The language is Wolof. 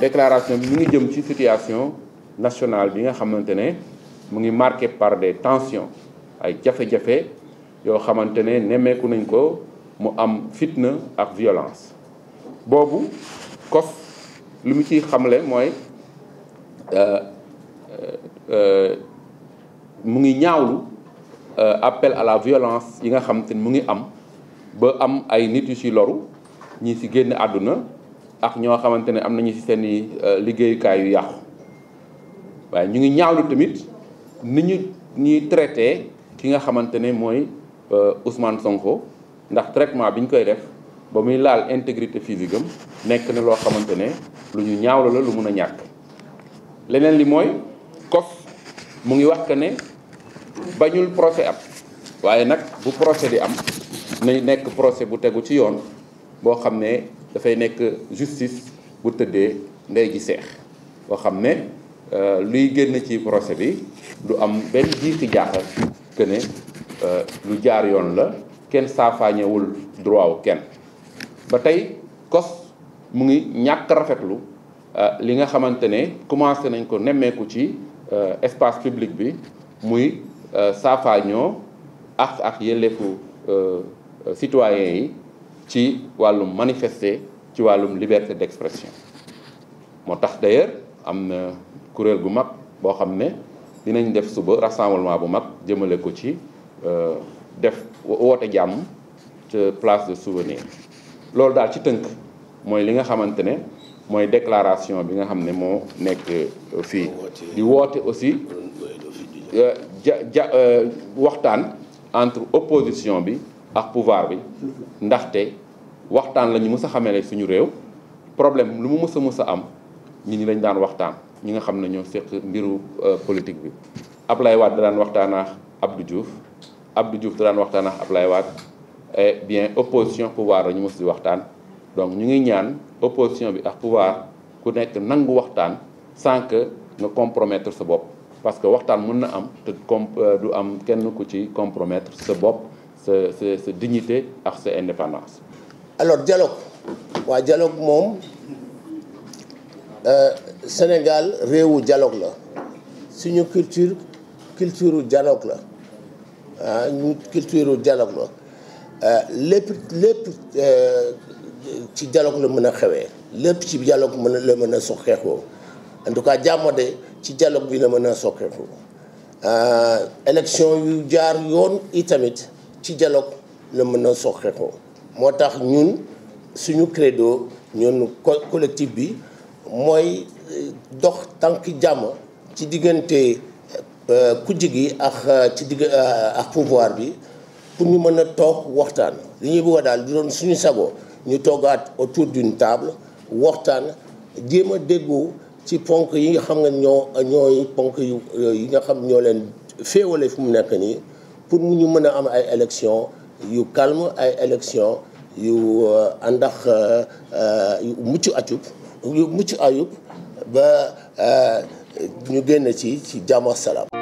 déclaration bi mu ngi jëm ci situation nationale bi nga xamante ne mu ngi marqué par des tensions ay jafe-jafe yoo xamante ne nemmeeku nañ ko mu am fitna ak violence boobu COS lu mu ciy xamle mooy euh, euh, mu ngi ñaawlu euh, appel à la violence yi nga xamante ne mu ngi am ba am ay nit yu ci loru ñi ci génn àdduna ak ñoo xamante ne am nañu ci seen i euh, liggéeyukaay yu yàqu waaye ñu ngi ñaawlu tamit ni ñu ñuy traité ki nga xamante ne mooy euh, Ousmane Sonko ndax traitement bi ñu koy def ba muy laal intégrité physique am nekk na loo xamante ne lu ñu ñaaw la lu mun a ñàkk. leneen li mooy COS mu ngi wax que ne bañul procès am waaye nag bu procès di am nañ nekk procès bu tegu ci yoon boo xam ne. dafay nekk justice bu tëddee ndey ji seex boo xam ne euh, luy génn ci procès bi du am benn jiixi jaaxal que ne euh, lu jaar yoon la kenn saafaañewul droit wu kenn ba tey kos mu ngi ñàkk rafetlu euh, li nga xamante ne commencé nañ ko nemmeeku ci espace public bi muy saafaañoo ak ak yelleefu citoyens yi ci wàllum manifester ci wàllum liberté d'expression moo tax d'ailleurs am na kuréel gu mag boo xam ne dinañ def suba rassemblement bu mag jëmale ko ci euh, def woote jàmm ca place de souvenir loolu daal ci tënk mooy li nga xamante ne mooy déclaration bi nga xam ne moo nekk euh, fii di woote aussi euh, ja ja waxtaan entre opposition bi ak pouvoir bi ndaxte waxtaan la ñu mës a xamee suñu réew problème lu mu mës a mës a am nit ñi lañ daan waxtaan ñi nga xam ne ñoo seq mbiru euh, politique bi. Ablaye Wade da daan waxtaan ak Abdou Diouf Abdou Diouf da daan waxtaan ak Ablaye Wade et eh bien opposition pouvoir la ñu mës di waxtaan donc ñu ngi ñaan opposition bi ak pouvoir ku nekk nangu waxtaan sans que nga compromettre sa bopp. parce que waxtaan mën na am te com euh, du am kenn ku ci compromettre sa bopp sa sa sa dignité ak sa indépendance. alors dialogue waa dialogue moom euh, Sénégal réewu dialogue la suñu culture culture dialogue la ah ñu culture dialogue la euh, lépp lépp euh, ci dialogue la mën a xewee lépp ci dialogue mën la mën a soxeekoo en tout cas jàmm de ci dialogue bi la mën a soxeekoo élection yu jaar yoon i tamit ci dialogue la mën a soxeekoo moo tax ñun suñu credo ñun collectif bi mooy euh, dox tànk jàmm ci diggante euh, kujj gi ak euh, ci digg ak pouvoir bi pour ñu mën a toog waxtaan li ñuy bëgg daal du doon suñu sago ñu toogaat autour d'une table waxtaan jéem a déggoo ci ponk yi nga xam nga ñoo ñooy ponk yi nga xam ñoo leen féewale fu mu nekk nii pour mu ñu mën a am ay élection yu calme ay élection yu euh, àndax euh, euh, yu mucc acub yu mucc ayub ba ñu génne ci ci jàmm ak